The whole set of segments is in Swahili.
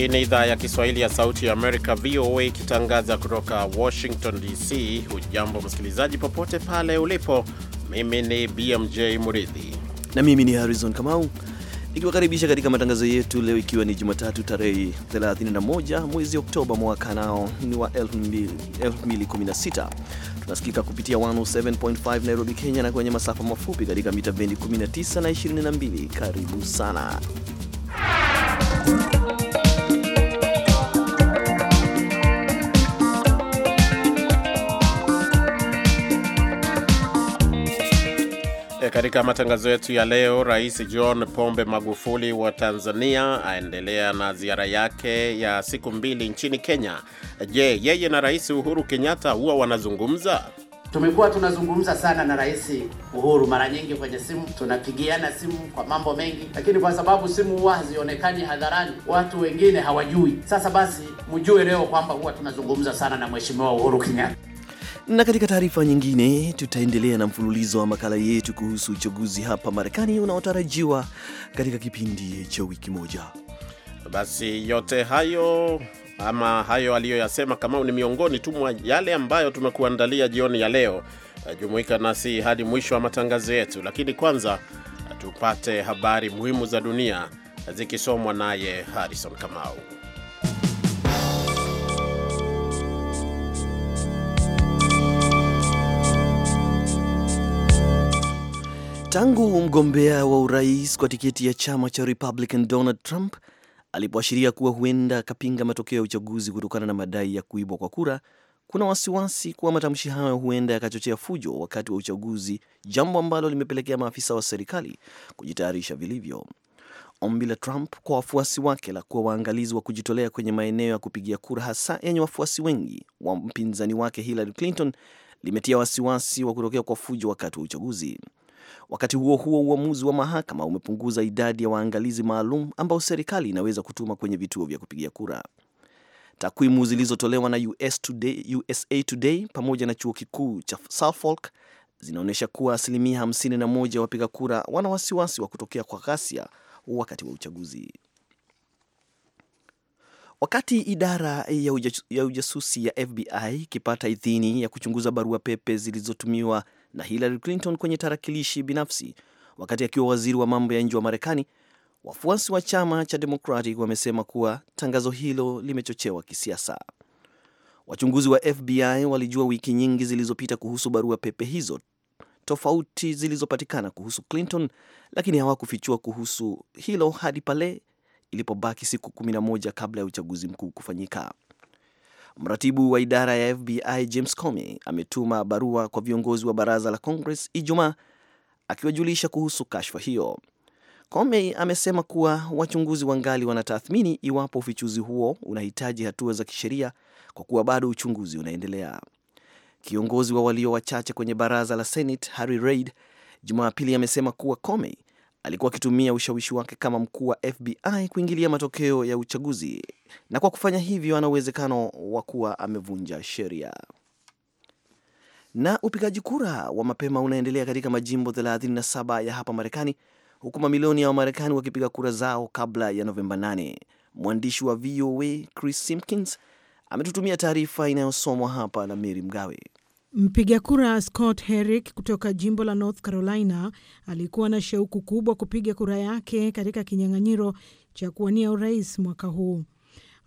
Hii ni idhaa ya Kiswahili ya Sauti ya Amerika, VOA, ikitangaza kutoka Washington DC. Hujambo msikilizaji, popote pale ulipo. Mimi ni BMJ Muridhi na mimi ni Harrison Kamau nikiwakaribisha katika matangazo yetu leo, ikiwa ni Jumatatu tarehe 31 mwezi Oktoba mwaka nao ni wa 2016. Tunasikika kupitia 107.5 Nairobi, Kenya, na kwenye masafa mafupi katika mita bendi 19 na 22. Karibu sana Katika matangazo yetu ya leo, Rais John Pombe Magufuli wa Tanzania aendelea na ziara yake ya siku mbili nchini Kenya. Je, yeye na Rais Uhuru Kenyatta huwa wanazungumza? Tumekuwa tunazungumza sana na Rais Uhuru mara nyingi kwenye simu, tunapigiana simu kwa mambo mengi, lakini kwa sababu simu huwa hazionekani hadharani, watu wengine hawajui. Sasa basi, mjue leo kwamba huwa tunazungumza sana na Mheshimiwa Uhuru Kenyatta. Na katika taarifa nyingine, tutaendelea na mfululizo wa makala yetu kuhusu uchaguzi hapa Marekani unaotarajiwa katika kipindi cha wiki moja. Basi yote hayo ama hayo aliyoyasema Kamau ni miongoni tu mwa yale ambayo tumekuandalia jioni ya leo. Jumuika nasi hadi mwisho wa matangazo yetu, lakini kwanza tupate habari muhimu za dunia zikisomwa naye Harrison Kamau. Tangu mgombea wa urais kwa tiketi ya chama cha Republican Donald Trump alipoashiria kuwa huenda akapinga matokeo ya uchaguzi kutokana na madai ya kuibwa kwa kura, kuna wasiwasi kuwa matamshi hayo huenda yakachochea fujo wakati wa uchaguzi, jambo ambalo limepelekea maafisa wa serikali kujitayarisha vilivyo. Ombi la Trump kwa wafuasi wake la kuwa waangalizi wa kujitolea kwenye maeneo ya kupigia kura, hasa yenye wafuasi wengi wa mpinzani wake Hillary Clinton, limetia wasiwasi wa kutokea kwa fujo wakati wa uchaguzi. Wakati huo huo, uamuzi wa mahakama umepunguza idadi ya waangalizi maalum ambao serikali inaweza kutuma kwenye vituo vya kupigia kura. Takwimu zilizotolewa na US Today, USA Today pamoja na chuo kikuu cha Suffolk zinaonyesha kuwa asilimia 51 ya wapiga kura wana wasiwasi wa kutokea kwa ghasia wakati wa uchaguzi. Wakati idara ya ujasusi ya FBI ikipata idhini ya kuchunguza barua pepe zilizotumiwa na Hillary Clinton kwenye tarakilishi binafsi wakati akiwa waziri wa mambo ya nje wa Marekani. Wafuasi wa chama cha Democratic wamesema kuwa tangazo hilo limechochewa kisiasa. Wachunguzi wa FBI walijua wiki nyingi zilizopita kuhusu barua pepe hizo tofauti zilizopatikana kuhusu Clinton, lakini hawakufichua kuhusu hilo hadi pale ilipobaki siku 11 kabla ya uchaguzi mkuu kufanyika. Mratibu wa idara ya FBI James Comey ametuma barua kwa viongozi wa baraza la Congress Ijumaa akiwajulisha kuhusu kashfa hiyo. Comey amesema kuwa wachunguzi wangali wanatathmini iwapo ufichuzi huo unahitaji hatua za kisheria kwa kuwa bado uchunguzi unaendelea. Kiongozi wa walio wachache kwenye baraza la Senate Harry Reid Jumapili amesema kuwa Comey alikuwa akitumia ushawishi wake kama mkuu wa FBI kuingilia matokeo ya uchaguzi, na kwa kufanya hivyo ana uwezekano wa kuwa amevunja sheria. Na upigaji kura wa mapema unaendelea katika majimbo 37 ya hapa Marekani, huku mamilioni ya Wamarekani wakipiga kura zao kabla ya Novemba 8. Mwandishi wa VOA Chris Simpkins ametutumia taarifa inayosomwa hapa na Mary Mgawe. Mpiga kura Scott Herrick kutoka jimbo la North Carolina alikuwa na shauku kubwa kupiga kura yake katika kinyang'anyiro cha kuwania urais mwaka huu.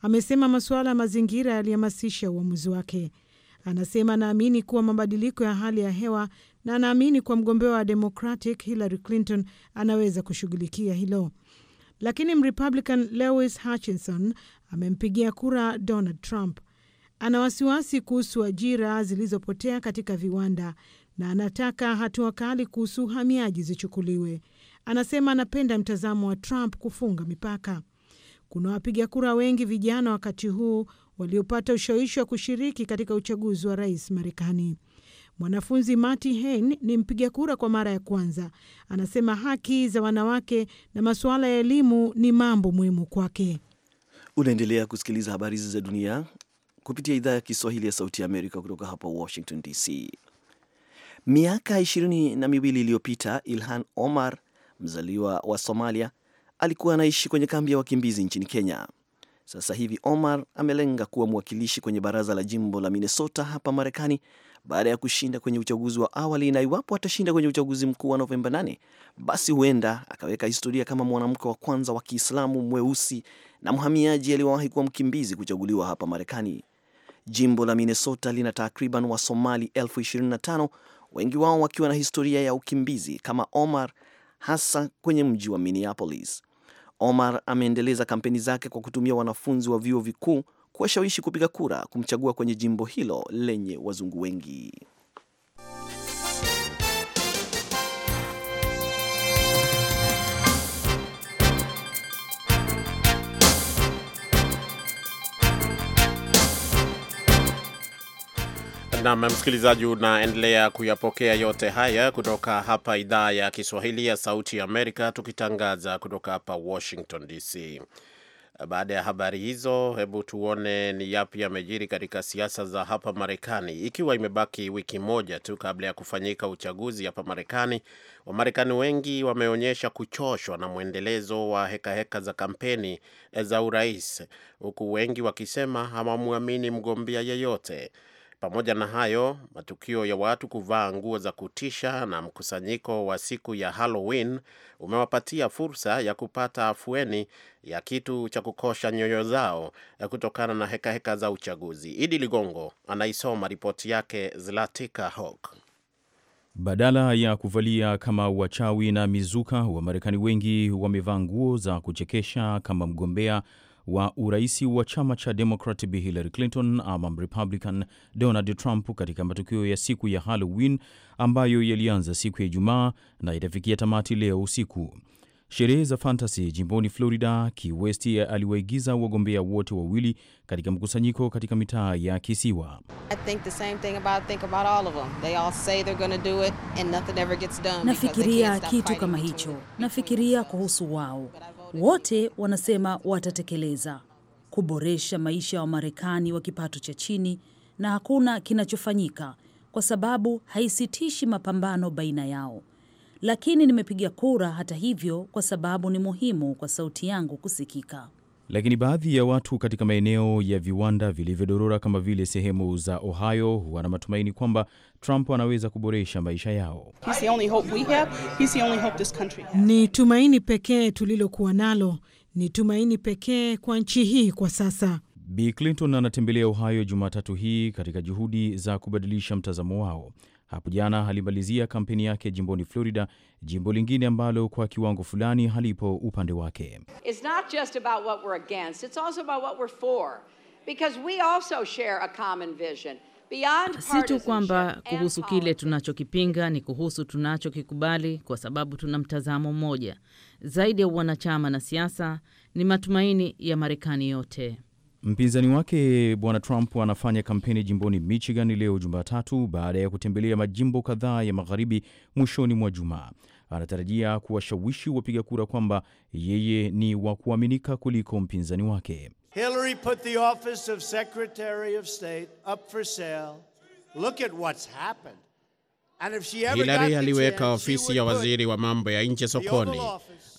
Amesema masuala ya mazingira yalihamasisha uamuzi wake. Anasema anaamini kuwa mabadiliko ya hali ya hewa na anaamini kuwa mgombea wa Democratic Hillary Clinton anaweza kushughulikia hilo, lakini Mrepublican Lewis Hutchinson amempigia kura Donald Trump ana wasiwasi kuhusu ajira zilizopotea katika viwanda na anataka hatua kali kuhusu uhamiaji zichukuliwe. Anasema anapenda mtazamo wa Trump kufunga mipaka. Kuna wapiga kura wengi vijana wakati huu waliopata ushawishi wa kushiriki katika uchaguzi wa rais Marekani. Mwanafunzi Marty Hein ni mpiga kura kwa mara ya kwanza. Anasema haki za wanawake na masuala ya elimu ni mambo muhimu kwake. Unaendelea kusikiliza habari za dunia kupitia idhaa ya Kiswahili ya Sauti ya Amerika kutoka hapa Washington DC. Miaka ishirini na miwili iliyopita Ilhan Omar, mzaliwa wa Somalia, alikuwa anaishi kwenye kambi ya wakimbizi nchini Kenya. Sasa hivi Omar amelenga kuwa mwakilishi kwenye baraza la jimbo la Minnesota hapa Marekani baada ya kushinda kwenye uchaguzi wa awali, na iwapo atashinda kwenye uchaguzi mkuu wa Novemba 8 basi huenda akaweka historia kama mwanamke wa kwanza wa Kiislamu mweusi na mhamiaji aliyewahi kuwa mkimbizi kuchaguliwa hapa Marekani. Jimbo la Minnesota lina takriban Wasomali elfu 25 wengi wao wakiwa na historia ya ukimbizi kama Omar, hasa kwenye mji wa Minneapolis. Omar ameendeleza kampeni zake kwa kutumia wanafunzi wa vyuo vikuu kuwashawishi kupiga kura kumchagua kwenye jimbo hilo lenye wazungu wengi. Nam msikilizaji, unaendelea kuyapokea yote haya kutoka hapa idhaa ya Kiswahili ya Sauti ya Amerika, tukitangaza kutoka hapa Washington DC. Baada ya habari hizo, hebu tuone ni yapi yamejiri katika siasa za hapa Marekani. Ikiwa imebaki wiki moja tu kabla ya kufanyika uchaguzi hapa Marekani, Wamarekani wengi wameonyesha kuchoshwa na mwendelezo wa hekaheka heka za kampeni eh, za urais, huku wengi wakisema hawamwamini mgombea yeyote. Pamoja na hayo, matukio ya watu kuvaa nguo za kutisha na mkusanyiko wa siku ya Halloween umewapatia fursa ya kupata afueni ya kitu cha kukosha nyoyo zao eh, kutokana na hekaheka heka za uchaguzi. Idi Ligongo anaisoma ripoti yake Zlatika Hawk. Badala ya kuvalia kama wachawi na mizuka, Wamarekani wengi wamevaa nguo za kuchekesha kama mgombea wa urais wa chama cha Democrat Bi Hillary Clinton ama Republican Donald Trump katika matukio ya siku ya Halloween ambayo yalianza siku ya Ijumaa na itafikia tamati leo usiku. Sherehe za fantasy jimboni Florida Kiwesti aliwaigiza wagombea wote wawili katika mkusanyiko katika mitaa ya kisiwa. Nafikiria kitu kama hicho, nafikiria kuhusu wao, wote wanasema watatekeleza kuboresha maisha ya wa Wamarekani wa kipato cha chini, na hakuna kinachofanyika kwa sababu haisitishi mapambano baina yao. Lakini nimepiga kura hata hivyo, kwa sababu ni muhimu kwa sauti yangu kusikika. Lakini baadhi ya watu katika maeneo ya viwanda vilivyodorora kama vile sehemu za Ohio wana matumaini kwamba Trump anaweza kuboresha maisha yao. Ni tumaini pekee tulilokuwa nalo, ni tumaini pekee kwa nchi hii kwa sasa. Bi Clinton anatembelea Ohio Jumatatu hii katika juhudi za kubadilisha mtazamo wao. Hapo jana alimalizia kampeni yake jimboni Florida, jimbo lingine ambalo kwa kiwango fulani halipo upande wake. It's not just about what we're against, it's also about what we're for. Because we also share a common vision. Si tu kwamba kuhusu kile tunachokipinga, ni kuhusu tunachokikubali, kwa sababu tuna mtazamo mmoja. Zaidi ya wanachama na siasa, ni matumaini ya Marekani yote. Mpinzani wake Bwana Trump anafanya kampeni jimboni Michigan leo Jumatatu baada ya kutembelea majimbo kadhaa ya magharibi mwishoni mwa Jumaa. Anatarajia kuwashawishi wapiga kura kwamba yeye ni wa kuaminika kuliko mpinzani wake. Hillary put the office of Secretary of State up for sale. Look at what's happened. Hillary aliweka ofisi ya waziri wa mambo ya nje sokoni.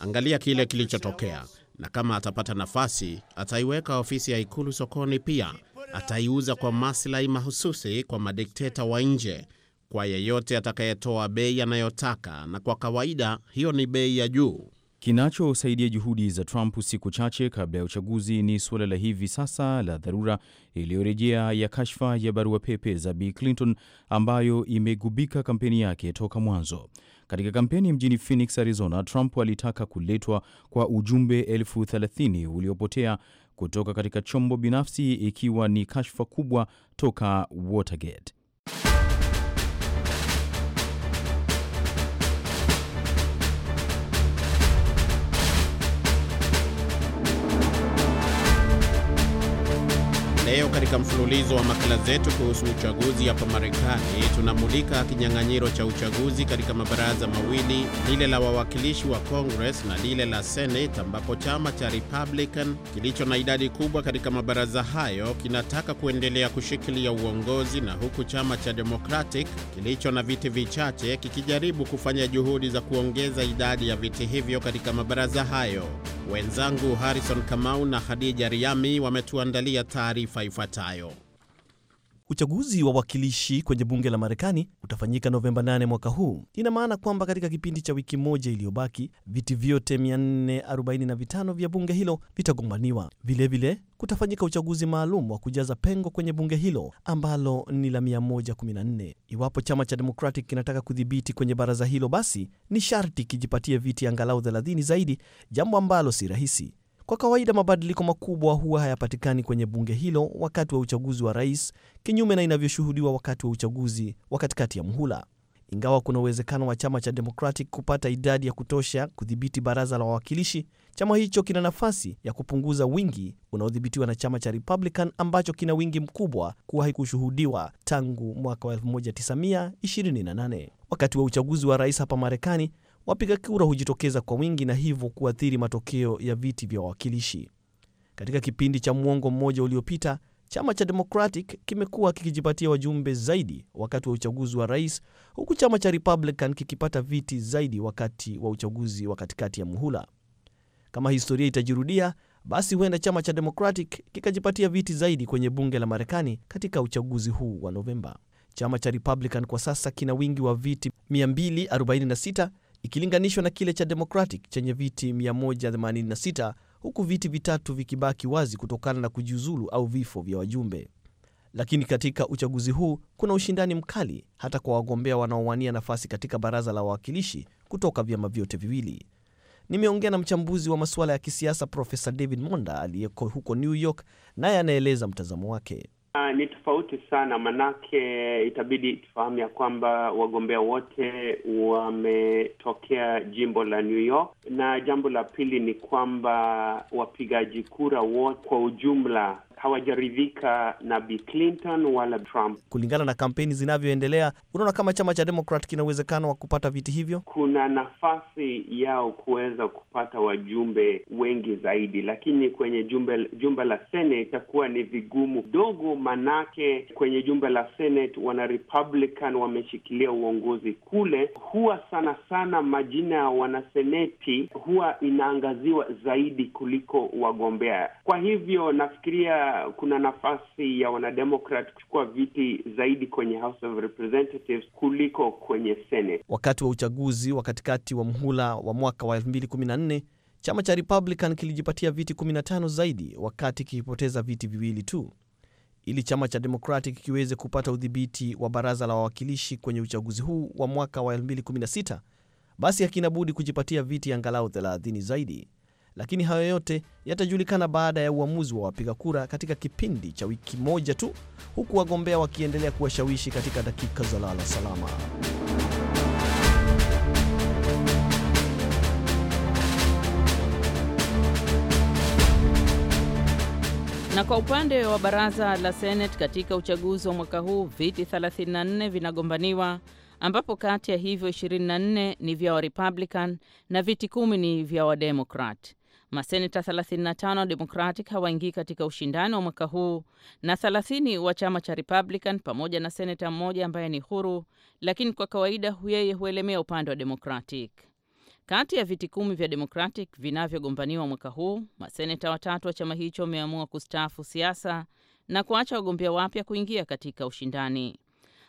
Angalia kile kilichotokea na kama atapata nafasi ataiweka ofisi ya ikulu sokoni. Pia ataiuza kwa maslahi mahususi kwa madikteta wa nje, kwa yeyote atakayetoa bei anayotaka, na kwa kawaida hiyo ni bei ya juu. Kinachosaidia juhudi za Trump siku chache kabla ya uchaguzi ni suala la hivi sasa la dharura iliyorejea ya kashfa ya barua pepe za b Clinton ambayo imegubika kampeni yake toka mwanzo. Katika kampeni mjini Phoenix, Arizona, Trump alitaka kuletwa kwa ujumbe elfu thelathini uliopotea kutoka katika chombo binafsi ikiwa ni kashfa kubwa toka Watergate. Leo katika mfululizo wa makala zetu kuhusu uchaguzi hapa Marekani, tunamulika kinyang'anyiro cha uchaguzi katika mabaraza mawili, lile la wawakilishi wa Congress na lile la Senate, ambapo chama cha Republican kilicho na idadi kubwa katika mabaraza hayo kinataka kuendelea kushikilia uongozi, na huku chama cha Democratic kilicho na viti vichache kikijaribu kufanya juhudi za kuongeza idadi ya viti hivyo katika mabaraza hayo. Wenzangu Harrison Kamau na Khadija Riami wametuandalia taarifa ifuatayo. Uchaguzi wa wakilishi kwenye bunge la Marekani utafanyika Novemba 8 mwaka huu. Ina maana kwamba katika kipindi cha wiki moja iliyobaki, viti vyote 445 vya bunge hilo vitagombaniwa. Vilevile kutafanyika uchaguzi maalum wa kujaza pengo kwenye bunge hilo ambalo ni la 114. Iwapo chama cha Democratic kinataka kudhibiti kwenye baraza hilo, basi ni sharti kijipatie viti angalau 30 zaidi, jambo ambalo si rahisi. Kwa kawaida mabadiliko makubwa huwa hayapatikani kwenye bunge hilo wakati wa uchaguzi wa rais, kinyume na inavyoshuhudiwa wakati wa uchaguzi wa katikati ya muhula. Ingawa kuna uwezekano wa chama cha Democratic kupata idadi ya kutosha kudhibiti baraza la wawakilishi, chama hicho kina nafasi ya kupunguza wingi unaodhibitiwa na chama cha Republican ambacho kina wingi mkubwa kuwahi kushuhudiwa tangu mwaka 1928 wakati wa uchaguzi wa rais hapa Marekani wapiga kura hujitokeza kwa wingi na hivyo kuathiri matokeo ya viti vya wawakilishi. Katika kipindi cha mwongo mmoja uliopita, chama cha Democratic kimekuwa kikijipatia wajumbe zaidi wakati wa uchaguzi wa rais, huku chama cha Republican kikipata viti zaidi wakati wa uchaguzi wa katikati ya muhula. Kama historia itajirudia, basi huenda chama cha Democratic kikajipatia viti zaidi kwenye bunge la Marekani katika uchaguzi huu wa Novemba. Chama cha Republican kwa sasa kina wingi wa viti 246 ikilinganishwa na kile cha Democratic chenye viti 186 huku viti vitatu vikibaki wazi kutokana na kujiuzulu au vifo vya wajumbe. Lakini katika uchaguzi huu kuna ushindani mkali hata kwa wagombea wanaowania nafasi katika baraza la wawakilishi kutoka vyama vyote viwili. Nimeongea na mchambuzi wa masuala ya kisiasa Profesa David Monda aliyeko huko New York, naye anaeleza mtazamo wake. Uh, ni tofauti sana manake itabidi tufahamu ya kwamba wagombea wote wametokea jimbo la New York, na jambo la pili ni kwamba wapigaji kura wote kwa ujumla hawajaridhika na Bi Clinton wala Trump. Kulingana na kampeni zinavyoendelea, unaona kama chama cha Demokrat kina uwezekano wa kupata viti hivyo? Kuna nafasi yao kuweza kupata wajumbe wengi zaidi, lakini kwenye jumbe, jumba la Senate itakuwa ni vigumu dogo, manake kwenye jumba la Senate wana Republican wameshikilia uongozi kule. Huwa sana sana majina ya wanaseneti huwa inaangaziwa zaidi kuliko wagombea, kwa hivyo nafikiria kuna nafasi ya wanademokrat kuchukua viti zaidi kwenye House of Representatives kuliko kwenye Senate. Wakati wa uchaguzi wa katikati wa mhula wa mwaka wa 2014 chama cha Republican kilijipatia viti 15 zaidi, wakati kikipoteza viti viwili tu ili chama cha Democratic kiweze kupata udhibiti wa baraza la wawakilishi kwenye uchaguzi huu wa mwaka wa 2016, basi hakinabudi kujipatia viti angalau 30 zaidi lakini hayo yote yatajulikana baada ya uamuzi wa wapiga kura katika kipindi cha wiki moja tu, huku wagombea wakiendelea kuwashawishi katika dakika za lala salama. Na kwa upande wa baraza la Senate, katika uchaguzi wa mwaka huu viti 34 vinagombaniwa ambapo kati ya hivyo 24 ni vya Warepublican na viti kumi ni vya Wademokrat. Maseneta 35 wa Democratic hawaingii katika ushindani wa mwaka huu na 30 wa chama cha Republican pamoja na seneta mmoja ambaye ni huru, lakini kwa kawaida yeye huelemea upande wa Democratic. Kati ya viti kumi vya Democratic vinavyogombaniwa mwaka huu, maseneta watatu wa chama hicho wameamua kustaafu siasa na kuacha wagombea wapya kuingia katika ushindani.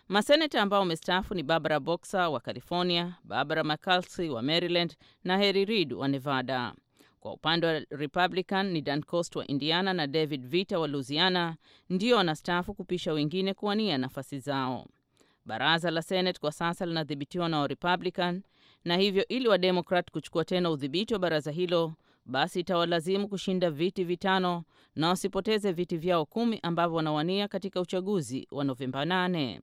Maseneta ambao wamestaafu ni Barbara Boxer wa California, Barbara McCarthy wa Maryland na Harry Reid wa Nevada. Kwa upande wa Republican ni Dan wa Indiana na David Vita wa Louisiana ndio wanastaafu kupisha wengine kuwania nafasi zao. Baraza la Senate kwa sasa linadhibitiwa na Warepublican na hivyo ili Wademokrat kuchukua tena udhibiti wa baraza hilo, basi itawalazimu kushinda viti vitano na wasipoteze viti vyao kumi ambavyo wanawania katika uchaguzi wa Novemba 8.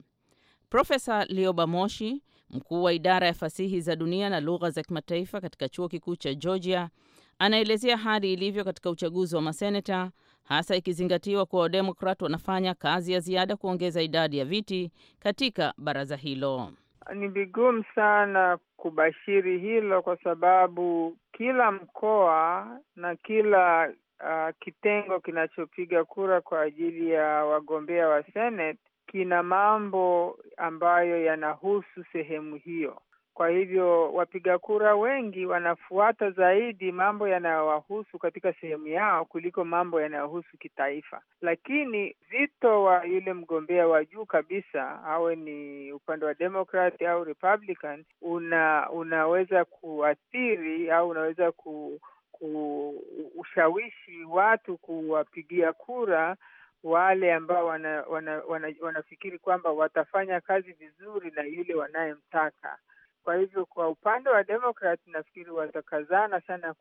Profesa Lioba Moshi, mkuu wa idara ya fasihi za dunia na lugha za kimataifa katika chuo kikuu cha Georgia, Anaelezea hali ilivyo katika uchaguzi wa maseneta, hasa ikizingatiwa kuwa Wademokrat wanafanya kazi ya ziada kuongeza idadi ya viti katika baraza hilo. Ni vigumu sana kubashiri hilo kwa sababu kila mkoa na kila uh, kitengo kinachopiga kura kwa ajili ya wagombea wa Senate kina mambo ambayo yanahusu sehemu hiyo. Kwa hivyo wapiga kura wengi wanafuata zaidi mambo yanayowahusu katika sehemu yao kuliko mambo yanayohusu kitaifa. Lakini zito wa yule mgombea wa juu kabisa, awe ni upande wa Democrat au Republican, una- unaweza kuathiri au unaweza ku, ku ushawishi watu kuwapigia kura wale ambao wana, wana, wana, wanafikiri kwamba watafanya kazi vizuri na yule wanayemtaka. Kwa hivyo kwa upande wa Demokrat nafikiri watakazana sana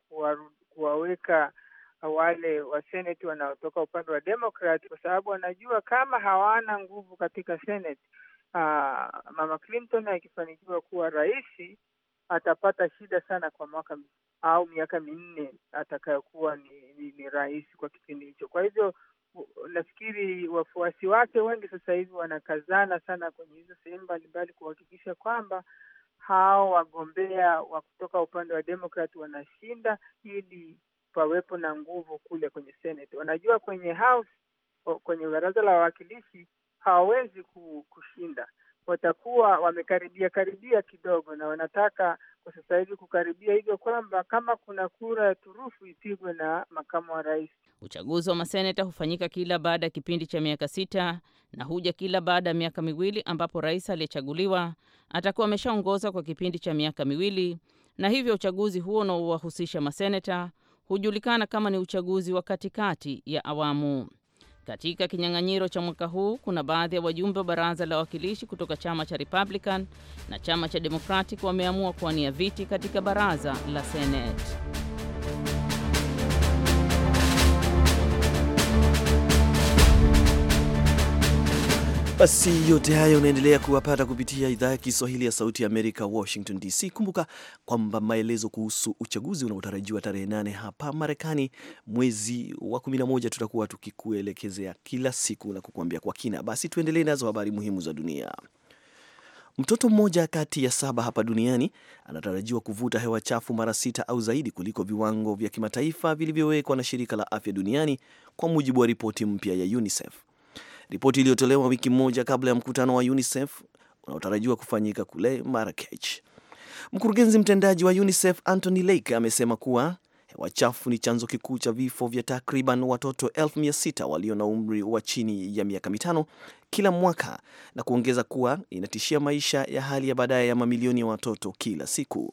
kuwaweka wale waseneti wanaotoka upande wa Demokrat kwa sababu wanajua kama hawana nguvu katika Senate, uh, Mama Clinton akifanikiwa kuwa rais atapata shida sana kwa mwaka au miaka minne atakayokuwa ni, ni, ni rais kwa kipindi hicho. Kwa hivyo nafikiri wafuasi wake wengi sasa hivi wanakazana sana kwenye hizo sehemu mbalimbali kuhakikisha kwamba hao wagombea wa kutoka upande wa Demokrat wanashinda ili pawepo na nguvu kule kwenye Senate. Wanajua kwenye House, kwenye baraza la wawakilishi hawawezi kushinda, watakuwa wamekaribia karibia kidogo, na wanataka kwa sasa hivi kukaribia hivyo kwamba kama kuna kura ya turufu ipigwe na makamu wa rais. Uchaguzi wa maseneta hufanyika kila baada ya kipindi cha miaka sita na huja kila baada ya miaka miwili ambapo rais aliyechaguliwa atakuwa ameshaongoza kwa kipindi cha miaka miwili, na hivyo uchaguzi huo unaowahusisha maseneta hujulikana kama ni uchaguzi wa katikati ya awamu. Katika kinyang'anyiro cha mwaka huu kuna baadhi ya wajumbe wa baraza la wawakilishi kutoka chama cha Republican na chama cha Democratic wameamua kuwania viti katika baraza la Senate. Basi yote hayo unaendelea kuwapata kupitia idhaa ya Kiswahili ya Sauti ya Amerika, Washington DC. Kumbuka kwamba maelezo kuhusu uchaguzi unaotarajiwa tarehe nane hapa Marekani mwezi wa 11 tutakuwa tukikuelekezea kila siku na kukuambia kwa kina. Basi tuendelee nazo habari muhimu za dunia. Mtoto mmoja kati ya saba hapa duniani anatarajiwa kuvuta hewa chafu mara sita au zaidi kuliko viwango vya kimataifa vilivyowekwa na shirika la afya duniani, kwa mujibu wa ripoti mpya ya UNICEF. Ripoti iliyotolewa wiki moja kabla ya mkutano wa UNICEF unaotarajiwa kufanyika kule Marrakech. Mkurugenzi mtendaji wa UNICEF Anthony Lake amesema kuwa hewa chafu ni chanzo kikuu cha vifo vya takriban watoto elfu mia sita walio na umri wa chini ya miaka mitano kila mwaka na kuongeza kuwa inatishia maisha ya hali ya baadaye ya mamilioni ya watoto kila siku.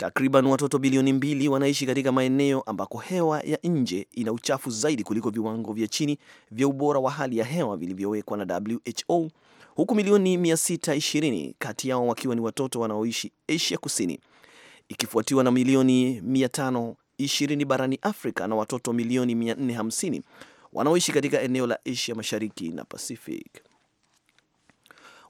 Takriban watoto bilioni mbili wanaishi katika maeneo ambako hewa ya nje ina uchafu zaidi kuliko viwango vya chini vya ubora wa hali ya hewa vilivyowekwa na WHO, huku milioni 620 kati yao wakiwa ni watoto wanaoishi Asia Kusini, ikifuatiwa na milioni 520 barani Afrika na watoto milioni 450 wanaoishi katika eneo la Asia Mashariki na Pacific.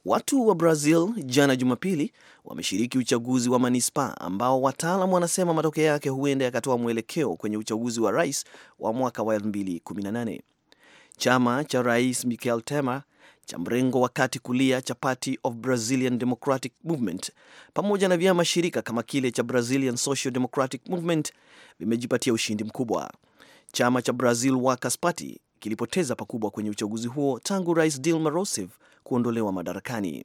Watu wa Brazil jana Jumapili wameshiriki uchaguzi wa manispa ambao wataalam wanasema matokeo yake huenda yakatoa mwelekeo kwenye uchaguzi wa rais wa mwaka wa 2018. Chama cha rais Michel Temer cha mrengo wa kati kulia cha Party of Brazilian Democratic Movement pamoja na vyama shirika kama kile cha Brazilian Social Democratic Movement vimejipatia ushindi mkubwa. Chama cha Brazil Workers Party kilipoteza pakubwa kwenye uchaguzi huo tangu Rais Dilma Rousseff kuondolewa madarakani.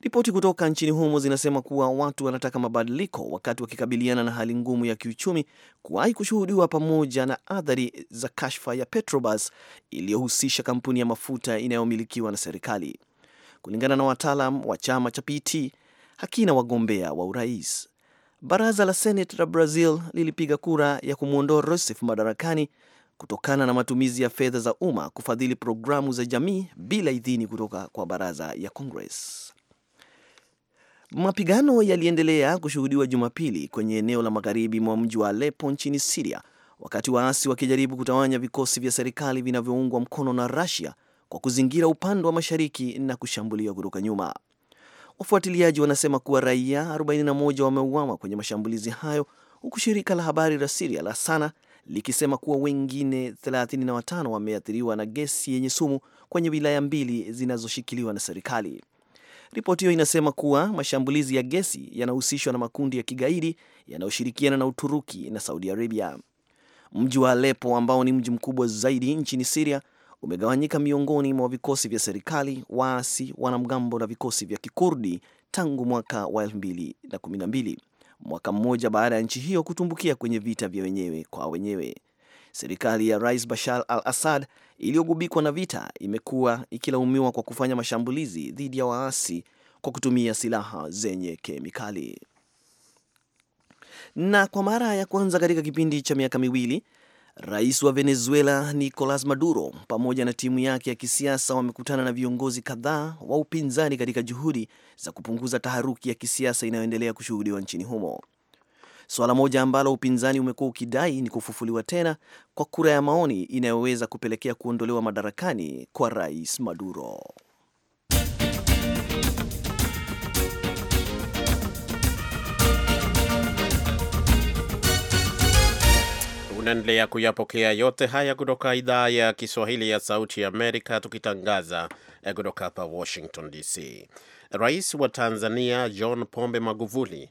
Ripoti kutoka nchini humo zinasema kuwa watu wanataka mabadiliko wakati wakikabiliana na hali ngumu ya kiuchumi kuwahi kushuhudiwa pamoja na athari za kashfa ya Petrobas iliyohusisha kampuni ya mafuta inayomilikiwa na serikali. Kulingana na wataalam wa chama cha PT, hakina wagombea wa urais. Baraza la Seneti la Brazil lilipiga kura ya kumwondoa Rousseff madarakani kutokana na matumizi ya fedha za umma kufadhili programu za jamii bila idhini kutoka kwa baraza ya Congress. Mapigano yaliendelea kushuhudiwa Jumapili kwenye eneo la magharibi mwa mji wa Aleppo nchini Siria, wakati waasi wakijaribu kutawanya vikosi vya serikali vinavyoungwa mkono na Russia kwa kuzingira upande wa mashariki na kushambulia kutoka nyuma. Wafuatiliaji wanasema kuwa raia 41 wameuawa kwenye mashambulizi hayo, huku shirika la habari la Siria la Sana likisema kuwa wengine 35 wameathiriwa na gesi yenye sumu kwenye wilaya mbili zinazoshikiliwa na serikali. Ripoti hiyo inasema kuwa mashambulizi ya gesi yanahusishwa na makundi ya kigaidi yanayoshirikiana na Uturuki na Saudi Arabia. Mji wa Alepo ambao ni mji mkubwa zaidi nchini Siria umegawanyika miongoni mwa vikosi vya serikali, waasi, wanamgambo na vikosi vya kikurdi tangu mwaka wa 212 mwaka mmoja baada ya nchi hiyo kutumbukia kwenye vita vya wenyewe kwa wenyewe. Serikali ya Rais Bashar al Assad iliyogubikwa na vita imekuwa ikilaumiwa kwa kufanya mashambulizi dhidi ya waasi kwa kutumia silaha zenye kemikali. Na kwa mara ya kwanza katika kipindi cha miaka miwili Rais wa Venezuela Nicolas Maduro pamoja na timu yake ya kisiasa wamekutana na viongozi kadhaa wa upinzani katika juhudi za kupunguza taharuki ya kisiasa inayoendelea kushuhudiwa nchini humo. Suala moja ambalo upinzani umekuwa ukidai ni kufufuliwa tena kwa kura ya maoni inayoweza kupelekea kuondolewa madarakani kwa Rais Maduro. Unaendelea kuyapokea yote haya kutoka idhaa ya Kiswahili ya Sauti ya Amerika, tukitangaza eh, kutoka hapa Washington DC. Rais wa Tanzania John Pombe Magufuli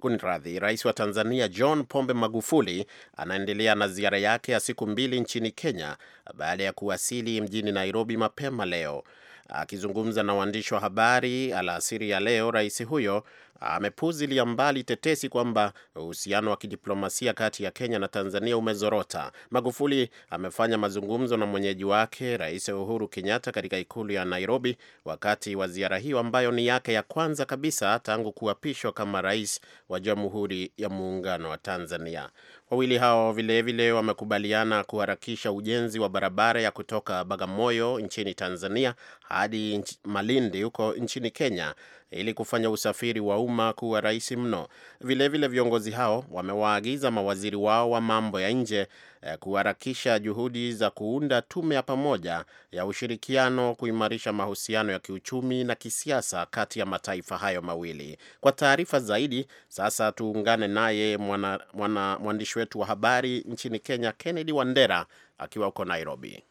Kunradhi, rais wa Tanzania John Pombe Magufuli anaendelea na ziara yake ya siku mbili nchini Kenya baada ya kuwasili mjini Nairobi mapema leo. Akizungumza na waandishi wa habari alasiri ya leo, rais huyo amepuzilia mbali tetesi kwamba uhusiano wa kidiplomasia kati ya Kenya na Tanzania umezorota. Magufuli amefanya mazungumzo na mwenyeji wake Rais Uhuru Kenyatta katika ikulu ya Nairobi wakati wa ziara hiyo ambayo ni yake ya kwanza kabisa tangu kuapishwa kama rais wa Jamhuri ya Muungano wa Tanzania. Wawili hao vilevile wamekubaliana kuharakisha ujenzi wa barabara ya kutoka Bagamoyo nchini Tanzania hadi Malindi huko nchini Kenya ili kufanya usafiri wa umma kuwa rahisi mno. Vilevile, viongozi hao wamewaagiza mawaziri wao wa mambo ya nje eh, kuharakisha juhudi za kuunda tume ya pamoja ya ushirikiano kuimarisha mahusiano ya kiuchumi na kisiasa kati ya mataifa hayo mawili. Kwa taarifa zaidi, sasa tuungane naye mwandishi wetu wa habari nchini Kenya, Kennedy Wandera akiwa huko Nairobi.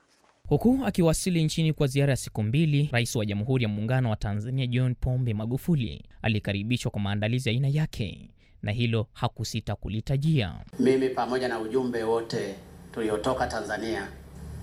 Huku akiwasili nchini kwa ziara ya siku mbili, rais wa Jamhuri ya Muungano wa Tanzania John Pombe Magufuli alikaribishwa kwa maandalizi ya aina yake, na hilo hakusita kulitajia. Mimi pamoja na ujumbe wote tuliotoka Tanzania,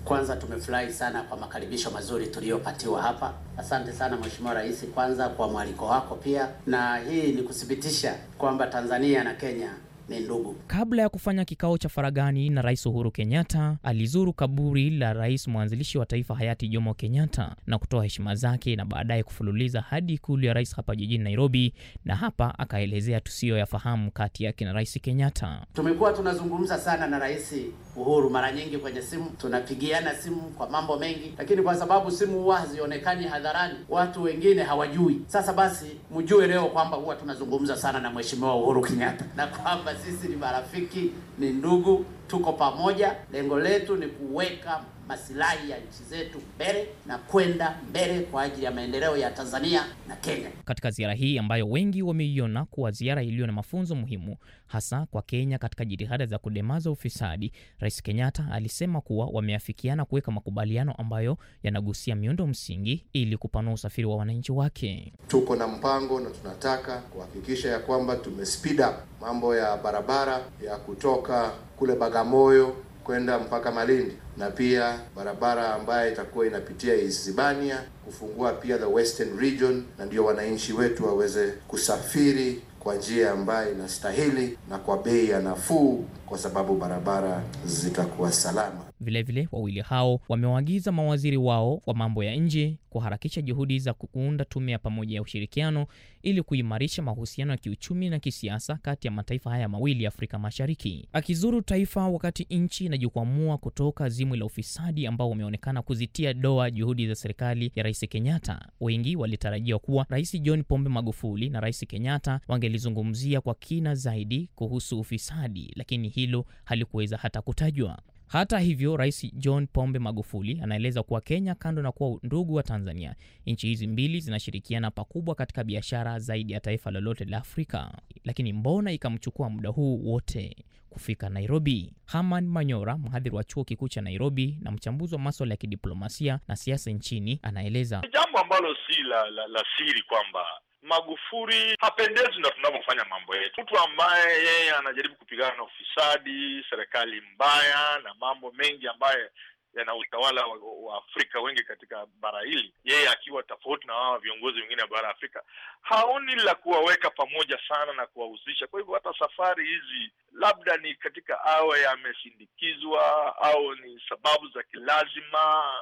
kwanza tumefurahi sana kwa makaribisho mazuri tuliyopatiwa hapa. Asante sana Mheshimiwa Rais, kwanza kwa mwaliko wako, pia na hii ni kuthibitisha kwamba Tanzania na Kenya ni ndugu. Kabla ya kufanya kikao cha faragani na Rais Uhuru Kenyatta, alizuru kaburi la rais mwanzilishi wa taifa hayati Jomo Kenyatta na kutoa heshima zake na baadaye kufululiza hadi ikulu ya rais hapa jijini Nairobi, na hapa akaelezea tusiyoyafahamu kati yake na Rais Kenyatta. Tumekuwa tunazungumza sana na Rais Uhuru mara nyingi kwenye simu, tunapigiana simu kwa mambo mengi, lakini kwa sababu simu huwa hazionekani hadharani, watu wengine hawajui. Sasa basi, mjue leo kwamba huwa tunazungumza sana na Mheshimiwa Uhuru Kenyatta na kwamba sisi ni marafiki, ni ndugu, tuko pamoja. Lengo letu ni kuweka masilahi ya nchi zetu mbele na kwenda mbele kwa ajili ya maendeleo ya Tanzania na Kenya. Katika ziara hii ambayo wengi wameiona kuwa ziara iliyo na mafunzo muhimu hasa kwa Kenya katika jitihada za kudemaza ufisadi, Rais Kenyatta alisema kuwa wameafikiana kuweka makubaliano ambayo yanagusia miundo msingi ili kupanua usafiri wa wananchi wake. Tuko na mpango na tunataka kuhakikisha ya kwamba tumespeed up mambo ya barabara ya kutoka kule Bagamoyo kwenda mpaka Malindi na pia barabara ambayo itakuwa inapitia Isibania kufungua pia the western region, na ndio wananchi wetu waweze kusafiri kwa njia ambayo inastahili na kwa bei ya nafuu, kwa sababu barabara zitakuwa salama. Vilevile wawili hao wamewaagiza mawaziri wao wa mambo ya nje kuharakisha juhudi za kuunda tume ya pamoja ya ushirikiano ili kuimarisha mahusiano ya kiuchumi na kisiasa kati ya mataifa haya mawili ya Afrika Mashariki. Akizuru taifa wakati nchi inajikwamua kutoka zimwi la ufisadi ambao wameonekana kuzitia doa juhudi za serikali ya Rais Kenyatta, wengi walitarajiwa kuwa Rais John Pombe Magufuli na Rais Kenyatta wangelizungumzia kwa kina zaidi kuhusu ufisadi, lakini hilo halikuweza hata kutajwa. Hata hivyo, Rais John Pombe Magufuli anaeleza kuwa Kenya, kando na kuwa ndugu wa Tanzania, nchi hizi mbili zinashirikiana pakubwa katika biashara zaidi ya taifa lolote la Afrika. Lakini mbona ikamchukua muda huu wote kufika Nairobi? Herman Manyora, mhadhiri wa chuo kikuu cha Nairobi na mchambuzi wa maswala ya kidiplomasia na siasa nchini, anaeleza jambo ambalo si la, la, la siri kwamba Magufuli hapendezi na tunavyofanya mambo yetu, mtu ambaye yeye anajaribu kupigana na ufisadi, serikali mbaya na mambo mengi ambayo yana utawala wa, wa Afrika wengi katika bara hili, yeye akiwa tofauti na wao viongozi wengine wa bara ya Afrika, haoni la kuwaweka pamoja sana na kuwahusisha. Kwa hivyo hata safari hizi labda ni katika awe yameshindikizwa au ni sababu za kilazima,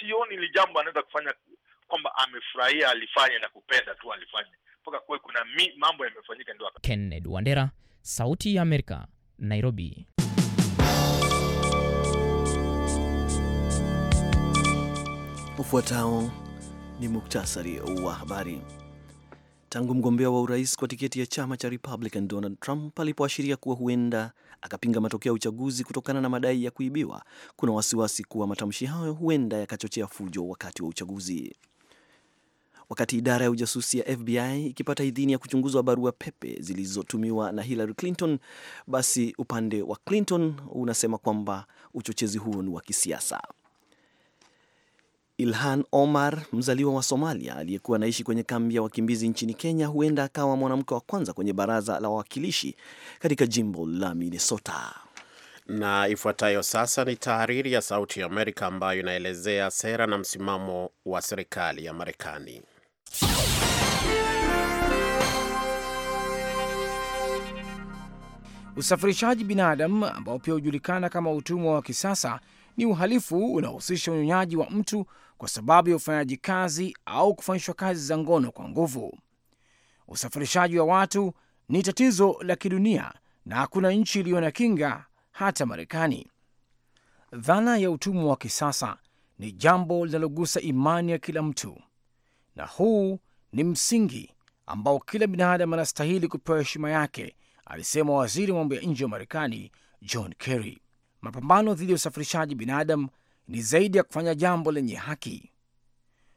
sioni li jambo anaweza kufanya kwamba amefurahia alifanya na kupenda tu alifanya mpaka kuwe kuna mi, mambo yamefanyika ndio. Kenneth Wandera, Sauti ya Amerika, Nairobi. Ufuatao ni muktasari wa habari. Tangu mgombea wa urais kwa tiketi ya chama cha Republican Donald Trump alipoashiria kuwa huenda akapinga matokeo ya uchaguzi kutokana na madai ya kuibiwa, kuna wasiwasi kuwa matamshi hayo huenda yakachochea fujo wakati wa uchaguzi wakati idara ya ujasusi ya FBI ikipata idhini ya kuchunguzwa barua pepe zilizotumiwa na Hillary Clinton. Basi upande wa Clinton unasema kwamba uchochezi huo ni wa kisiasa. Ilhan Omar, mzaliwa wa Somalia aliyekuwa anaishi kwenye kambi ya wakimbizi nchini Kenya, huenda akawa mwanamke wa kwanza kwenye baraza la wawakilishi katika jimbo la Minnesota. Na ifuatayo sasa ni tahariri ya Sauti ya Amerika ambayo inaelezea sera na msimamo wa serikali ya Marekani. Usafirishaji binadamu ambao pia hujulikana kama utumwa wa kisasa ni uhalifu unaohusisha unyonyaji wa mtu kwa sababu ya ufanyaji kazi au kufanyishwa kazi za ngono kwa nguvu. Usafirishaji wa watu ni tatizo la kidunia na hakuna nchi iliyo na kinga, hata Marekani. Dhana ya utumwa wa kisasa ni jambo linalogusa imani ya kila mtu na huu ni msingi ambao kila binadamu anastahili kupewa heshima yake, alisema waziri wa mambo ya nje wa Marekani John Kerry. Mapambano dhidi ya usafirishaji binadamu ni zaidi ya kufanya jambo lenye haki.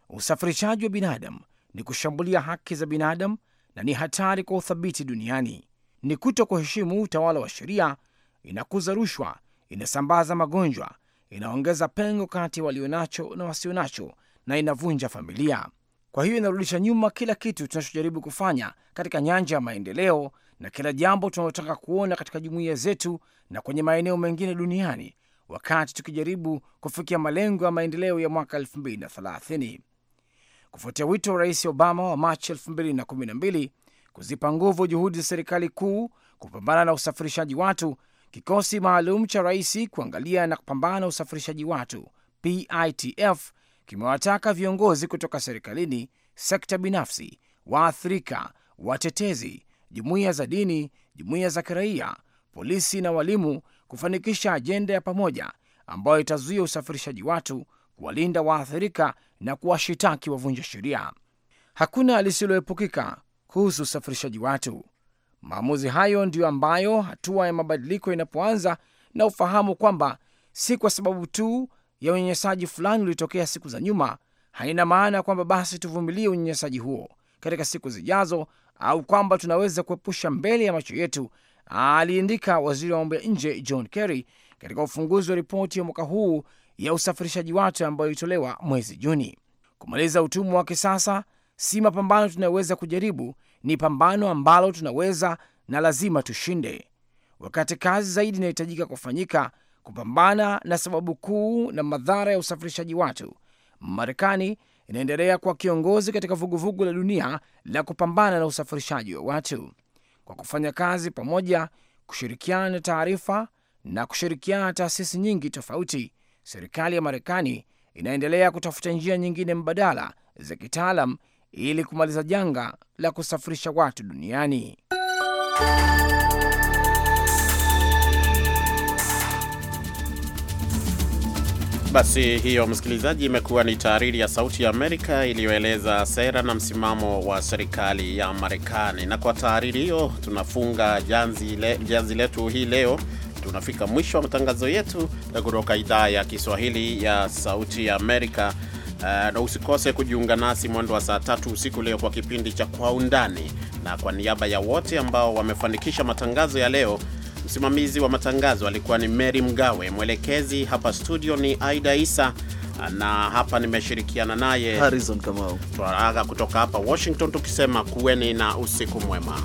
Usafirishaji wa binadamu ni kushambulia haki za binadamu na ni hatari kwa uthabiti duniani. Ni kuto kuheshimu utawala wa sheria, inakuza rushwa, inasambaza magonjwa, inaongeza pengo kati ya walionacho na wasionacho, na inavunja familia. Kwa hiyo inarudisha nyuma kila kitu tunachojaribu kufanya katika nyanja ya maendeleo na kila jambo tunalotaka kuona katika jumuiya zetu na kwenye maeneo mengine duniani, wakati tukijaribu kufikia malengo ya maendeleo ya mwaka 2030. Kufuatia wito wa Rais Obama wa Machi 2012 kuzipa nguvu juhudi za serikali kuu kupambana na usafirishaji watu, kikosi maalum cha rais kuangalia na kupambana na usafirishaji watu PITF kimewataka viongozi kutoka serikalini, sekta binafsi, waathirika, watetezi, jumuiya za dini, jumuiya za kiraia, polisi na walimu kufanikisha ajenda ya pamoja ambayo itazuia usafirishaji watu, kuwalinda waathirika na kuwashitaki wavunja sheria. Hakuna lisiloepukika kuhusu usafirishaji watu. Maamuzi hayo ndiyo ambayo hatua ya mabadiliko inapoanza, na ufahamu kwamba si kwa sababu tu ya unyanyasaji fulani ulitokea siku za nyuma, haina maana kwamba basi tuvumilie unyanyasaji huo katika siku zijazo au kwamba tunaweza kuepusha mbele ya macho yetu, aliandika waziri wa mambo ya nje John Kerry katika ufunguzi wa ripoti ya mwaka huu ya usafirishaji watu ambayo ilitolewa mwezi Juni. Kumaliza utumwa wa kisasa si mapambano tunayoweza kujaribu, ni pambano ambalo tunaweza na lazima tushinde. Wakati kazi zaidi inahitajika kufanyika kupambana na sababu kuu na madhara ya usafirishaji watu, Marekani inaendelea kuwa kiongozi katika vuguvugu la dunia la kupambana na usafirishaji wa watu kwa kufanya kazi pamoja, kushirikiana na taarifa na kushirikiana na taasisi nyingi tofauti. Serikali ya Marekani inaendelea kutafuta njia nyingine mbadala za kitaalam ili kumaliza janga la kusafirisha watu duniani. Basi hiyo, msikilizaji, imekuwa ni tahariri ya Sauti ya Amerika iliyoeleza sera na msimamo wa serikali ya Marekani. Na kwa tahariri hiyo tunafunga janzi, le, janzi letu hii leo. Tunafika mwisho wa matangazo yetu kutoka idhaa ya Kiswahili ya Sauti ya Amerika. Uh, na usikose kujiunga nasi mwendo wa saa tatu usiku leo kwa kipindi cha Kwa Undani, na kwa niaba ya wote ambao wamefanikisha matangazo ya leo Msimamizi wa matangazo alikuwa ni Mary Mgawe, mwelekezi hapa studio ni Aida Isa, na hapa nimeshirikiana naye Harrison Kamau. Twaraga kutoka hapa Washington tukisema kuweni na usiku mwema.